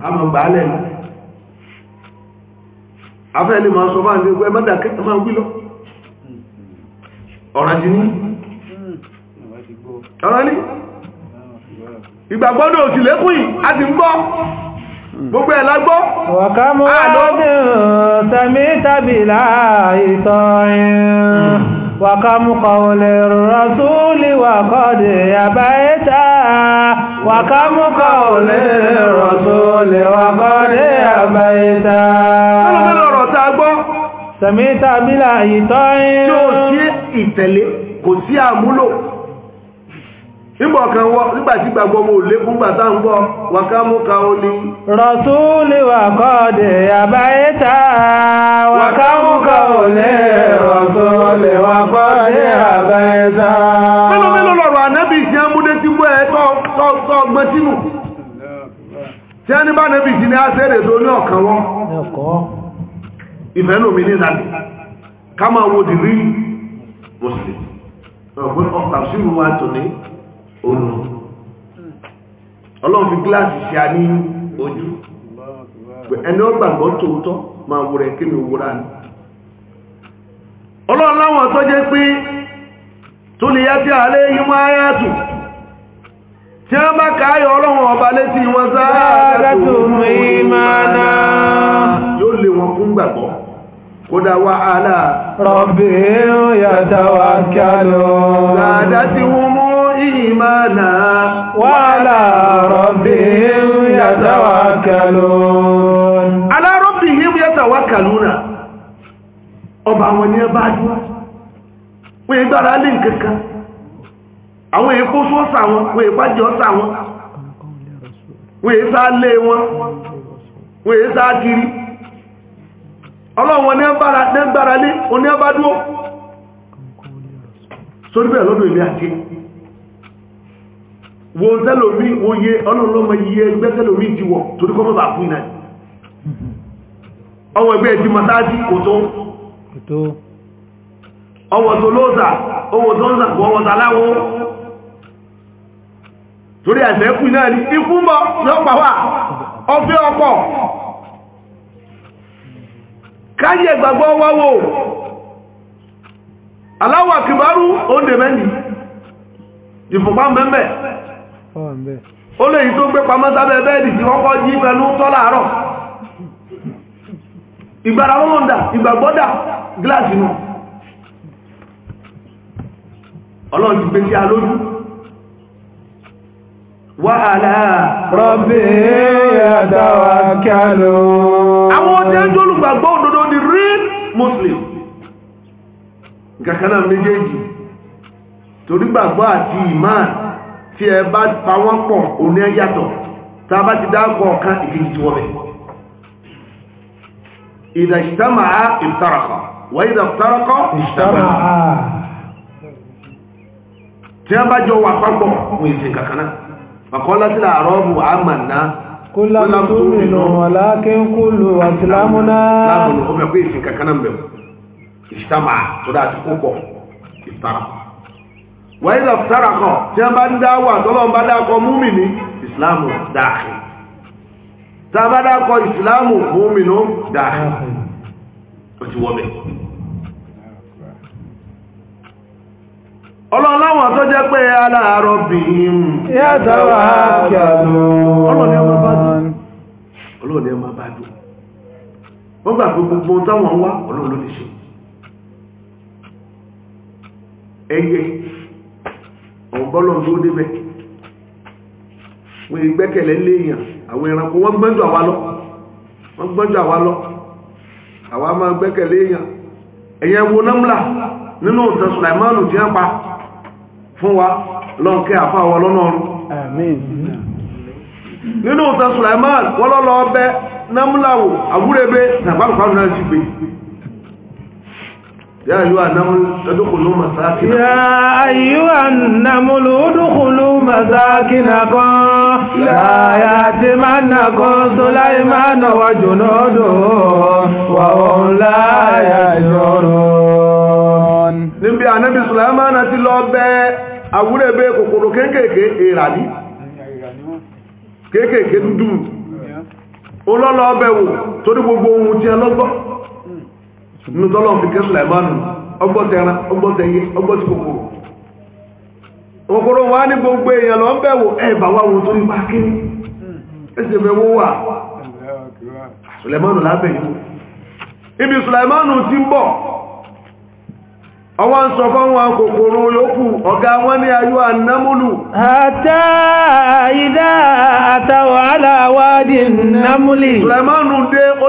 àmà gbàálẹ̀ ní afẹ́ máa sọ ọ̀rọ̀ ní ìgbàgbọ́dọ̀ òsì lékún yìí a ti ń gbọ́ gbogbo ẹ̀ lágbọ́ wọ̀kámọ́ tẹ̀mí tàbílá ìtọ̀rin wàkàmùkọ̀ olè rọ̀súlì wàkọ́dì tí ó sí ìtẹ̀lé kò sí àmúlò nígbàkan wọ́ nígbàtí gbàgbọ́ mo lè fún gbàtà ń bọ́ wàkámúka ó ní rọ̀túlì wàkọ́dẹ̀ àbáyétà wàkámúka ó lè rọ̀túlì wàkọ́dẹ̀ àbáyétà mélòó mélòó lọ́rọ̀ ànẹ́bì tí a múdé tí gbọ́ ẹ tọ́ ọgbẹ́ tínú tí a ní bá nẹ́bì tí ní a ṣe rèé lórí ọ̀kan wọn ìfẹ́ lómi ní ìlànà ká máa wo dìrí mùsùlùmí wa tòní ònù ọlọ́run fi ṣe a ní ojú ẹni ó gbàgbọ́ tòótọ́ ma wúrẹ̀ kí ni òwúrà ni ọlọ́run láwọn tó jẹ́ pé tó lè yá sí àlẹ́ yìí máa yá tù tí bá káyọ̀ ọlọ́run ọba létí wọn sáà إيمانا وعلى ربهم يتوكلون على ربهم يتوكلون ọba àwọn ni ẹbá àjúwá wọ́n yẹ lè àwọn èyí sọ́sà wọn wọ́n èyí sà wọn wọ́n èyí sáà wọn wọ́n èyí sáà kiri ọlọ́wọ́n ní ẹbára lé oní dúó sórí bẹ́ẹ̀ lọ́dún ìlú àti wo tẹ́lòmí oye ọlọ́lọ́mọ iye ẹgbẹ́ tẹ́lòmí ti wọ̀ torí kọ́ mọ́bà fún ìnáyì ọwọ́ ẹgbẹ́ ti masáájí kò tó ọwọ́ tó lóòsà ọwọ́ tó ń sàkó ọwọ́ tàláwó torí ẹ̀sẹ̀ kú náà ní ikú mọ́ lọ́pàá ọfẹ́ ọpọ̀ wáwó aláwọ̀ kìbárú ó mẹ́ni ìfọ̀pá mẹ́mẹ́ ó lè yìí tó gbé pamọ́ sábẹ́ tí wọ́n kọ́ jí pẹ̀lú tọ́ ìgbàra wọn dà ìgbàgbọ́dà gíláàsì nù ọlọ́run ti gbé sí alójú wàhálà rọ́bì àdáwà kálò àwọn ọdẹ ń jọ real muslim méjèèjì torí tí ẹ bá pa wọ́n pọ̀ òní ẹ yàtọ̀ tá a bá ti dáàbọ̀ ọ̀kan ìkejì tí wọ́n bẹ̀. ìdà ìtàmà á ìtàràkọ̀ wọ́n ìdà ìtàràkọ̀ ìtàmà á tí tó dáa ti kó pọ̀ ìtàràkọ̀ wọ́n yìí lọ́pù sára tí wọ́n bá ń dá wà tọ́lọ́ bá dákọ̀ múmi ní ìsìláàmù dáàkì tá a bá dákọ̀ ìsìláàmù múmi ní dáàkì ó ti ọlọ́láwọ̀n tó jẹ́ pé bìín ọlọ́ni ọmọ bá dùn ọlọ́ni ọmọ bá dùn wọ́n gbogbo táwọn wá òun bọ́lọ̀ tó débẹ̀ wọ́n ìgbẹ́kẹ̀lẹ̀ léèyàn àwọn ẹranko wọ́n gbọ́njọ́ àwa lọ wọ́n gbọ́njọ́ àwa lọ àwa máa gbẹ́kẹ̀lé èèyàn ẹ̀yẹ wo námúlà nínú ìtàn Sùlàìmánù tí wọ́n pa fún wa lọ́nkẹ́ àfáwọ lọ́nà ọ̀run nínú ìtàn Sùlàìmánù wọ́n lọ́lọ́ ọbẹ̀ námúlà wò àwúrẹ́bẹ̀ nàbàlùfáàlù náà sì gbé يا أيها النمل ادخلوا مساكنكم يا أيها النمل ادخلوا مساكنكم لا يأتمنكم سليمان وجنوده وهم لا يشعرون níbi ànábì Sùlẹ́mánà ti lọ bẹ àwúrẹ́bẹ kòkòrò kéékèèké ìràní kéékèèké dúdú olọ́lọ́ ọbẹ̀ wò torí gbogbo ohun tí ẹ lọ́gbọ́n nínú tọ́lọ̀ fi kẹ́sùlà ìmánu ọgbọ́tẹ̀ra ọgbọ́tẹ̀yẹ ọgbọ́tẹ̀ kòkòrò wà ní gbogbo èèyàn lọ bẹ̀wò ẹ̀bà wà wọ́n tó ní kí wà sùlẹ̀mánu lábẹ̀ ti ń bọ̀ ọwọ́ ń sọ kòkòrò ọ̀gá wọn ní ayú ànámúlù àtà ìdá àtàwà aláwádìí sùlẹ̀mánu dé ó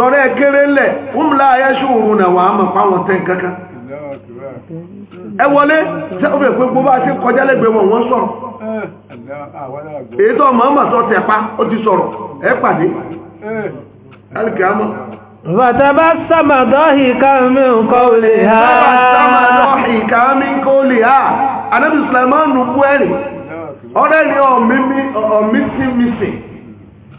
tọrọ ẹ̀kẹ́rẹ́ nle fúnmùlá ayẹ́ṣù òun nà wà á nkaka ẹ wọlé sẹ́wọ̀n pé gbogbo kọjá lẹ́gbẹ̀ẹ́ wọn wọ́n sọ̀rọ̀ èyí tó mọ̀ọ́mọ̀ tó tẹ̀ pa ó ti sọ̀rọ̀ ẹ pàdé sàmàdọ́hì kàmí ha. sàmàdọ́hì kàmí ha. bú ẹ̀rì ọ̀rẹ́ ni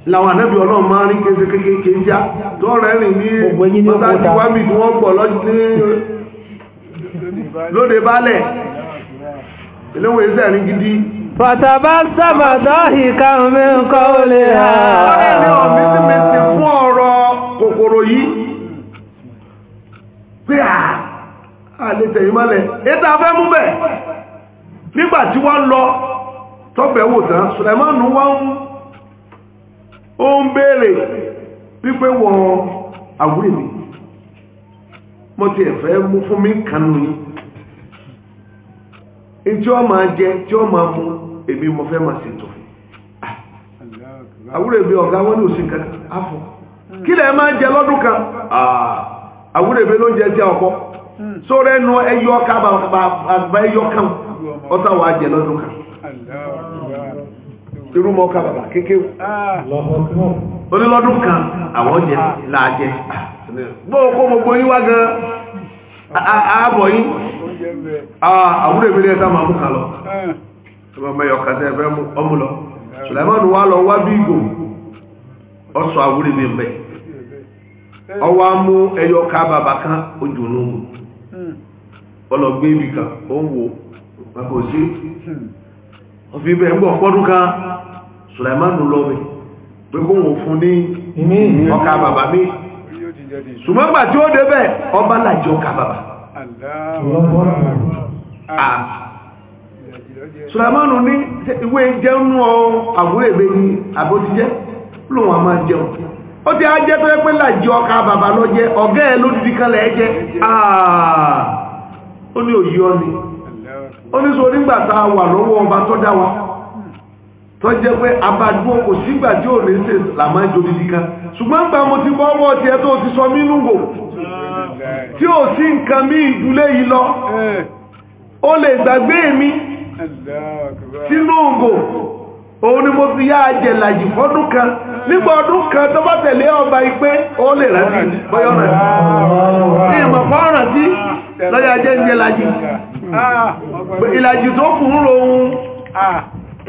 làwọn ànábì ọlọ́run máa rí kése kékeré já tọ́rẹ̀ rìn ní pátá ìwámi tí wọ́n pọ̀ lóde balẹ̀ eléwọ̀n ẹ̀sẹ̀ rí gidi fàtàbá sábà dáhì kàmí kọ́ lè ha ọ̀rẹ́ ní ọ̀mí tí mi fún ọ̀rọ̀ kòkòrò yìí pé à mọ́lẹ̀ ètò afẹ́ mú bẹ̀ nígbà tí wọ́n lọ tọ́bẹ̀ wò tán Sùlẹ̀mánù wọ́n ń ó ń béèrè wípé wọ àwúrè mi mo ti ẹ̀fẹ́ mú fún mi kanu yín tí ó jẹ tí ó máa èmi mo fẹ́ máa ṣètò àwúrè ọ̀gá wọn ní òsì kan afọ kí lẹ máa jẹ lọ́dún kan àwúrè mi ló ń jẹ jẹ ọkọ hmm. sórẹ́nu ẹyọ kan ọ̀tá irú mọ́ kábàbà kékeré onílọ́dún kan àwọn jẹ láàjẹ gbọ́ọ̀kọ́ gbogbo yín wá gan ààbọ̀ yín àwúrò ìbílẹ̀ ẹ̀ta máa mú kan lọ ọmọ kàtẹ́ ẹ̀fẹ́ ọmú lọ Sùlẹ́mọ́nù wá lọ wá bí ìgò ọsọ àwúrò ìbí ọwọ́ kan ojú ibì kan ó ń wo ọ̀fíìbẹ̀ ń bọ̀ fọ́dún kan. sùlẹ̀mánu lọ́wẹ́ pé kó wọ́n fún ní ọkà bàbá mi ṣùgbọ́gbà tí ó débẹ̀ ọba làjọ ọkà bàbá sùlẹ̀mánu ah. ah. ní ìwé jẹun ọ àbúrò èbè ní àbótíjẹ́ lóun a máa jẹun ó ti á tó yẹ pé ọkà bàbá jẹ ẹ̀ lódìdí ah. ó ní òyí ọ ni ó ní sọ wà lọ́wọ́ ọba tó dá wa tọ́jẹ́ pé abadúgbò kò sígbà tí ò lè ṣe làmá jòdì nìkan ṣùgbọ́n gbà mo ti bọ́ ọwọ́ tiẹ̀ tó ti sọ mí nùgò tí ò sí nǹkan mí ìdúlé yìí lọ ó lè gbàgbé mi sínú ògò òun ni mo fi yá àjẹ̀làjì fọ́dún kan nígbà ọdún kan tó bá tẹ̀lé ọba ipé ó lè rántí bọ́yọ̀ rẹ̀ ní ìmọ̀ fọ́ọ̀ràn sí lọ́yà jẹ́ ìjẹ̀làjì ìlàjì tó kù ń ro ohun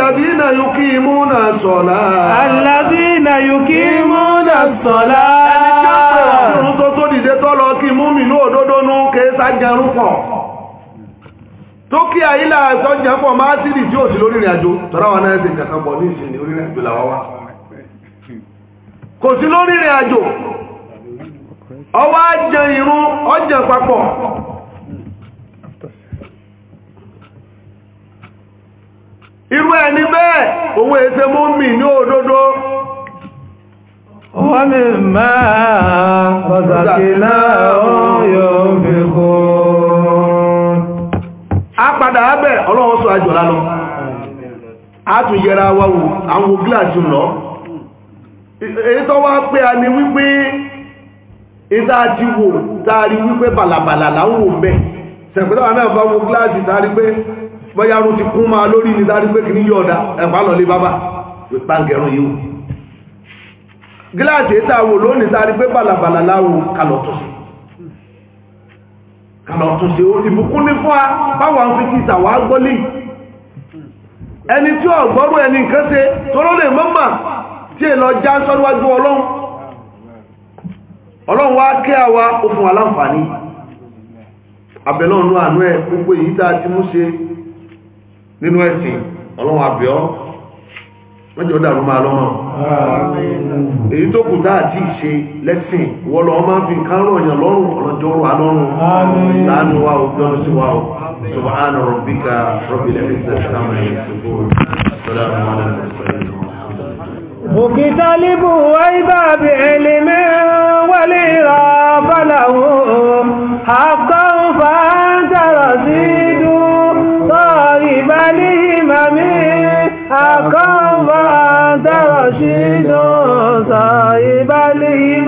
الذين يقيمون الصلاة الذين يقيمون الصلاة ẹni tí ó pè ọ̀run tó tó dìde tó lọ kí mú mi ní òdodo nú kéésà jẹun pọ̀ tó kí àyílà máa sí ìdí tí lórí ìrìn àjò náà ṣe ìjàkan ní ìsìn ní orí ìrìn àjò kò sí lórí ìrìn àjò jẹ irun ọjẹ papọ̀ irú ẹni bẹ́ẹ̀ owó èsẹ mú mì ní òdodo wọ́n ni máa pàtàkì láàrùn yóò fi a padà ábẹ̀ ọlọ́wọ́ sọ lọ a lọ èyí tó wá pé a ni wípé ìta ti wò tààrí wípé bàlàbàlà láwọn òun sẹ̀pẹ̀lọ́wà náà bá wo bọ́yá rú ti kún máa lórí ní dárí pé kì ní yọ̀ọ̀dá ẹ̀pá lé bábà yìí gíláàsì ètà wò lónìí dárí pé bàlàbàlà láwò kalọ̀tọ̀sí kalọ̀tọ̀sí ìbùkún ní fún báwọn fi ti tàwà ẹni tí ẹni nǹkan ṣe tọ́rọ lè mọ́mà wa àánú ẹ̀ gbogbo èyí tá a ti mú ṣe nínú ẹ̀sìn ọlọ́run àbíọ́ wọ́n jọ dàrú máa lọ́mọ èyí tó kù tá àti ìṣe lẹ́sìn wọ́n lọ́wọ́ máa ń fi nǹkan rọ̀yàn lọ́rùn ọ̀lọ́jọ́ rọ̀ alọ́run láàánú wa ò gbọ́nù sí wa ò subhana rabbika rabbil izzati amma yasifun كن فأنت رشيد صاحب الإيمان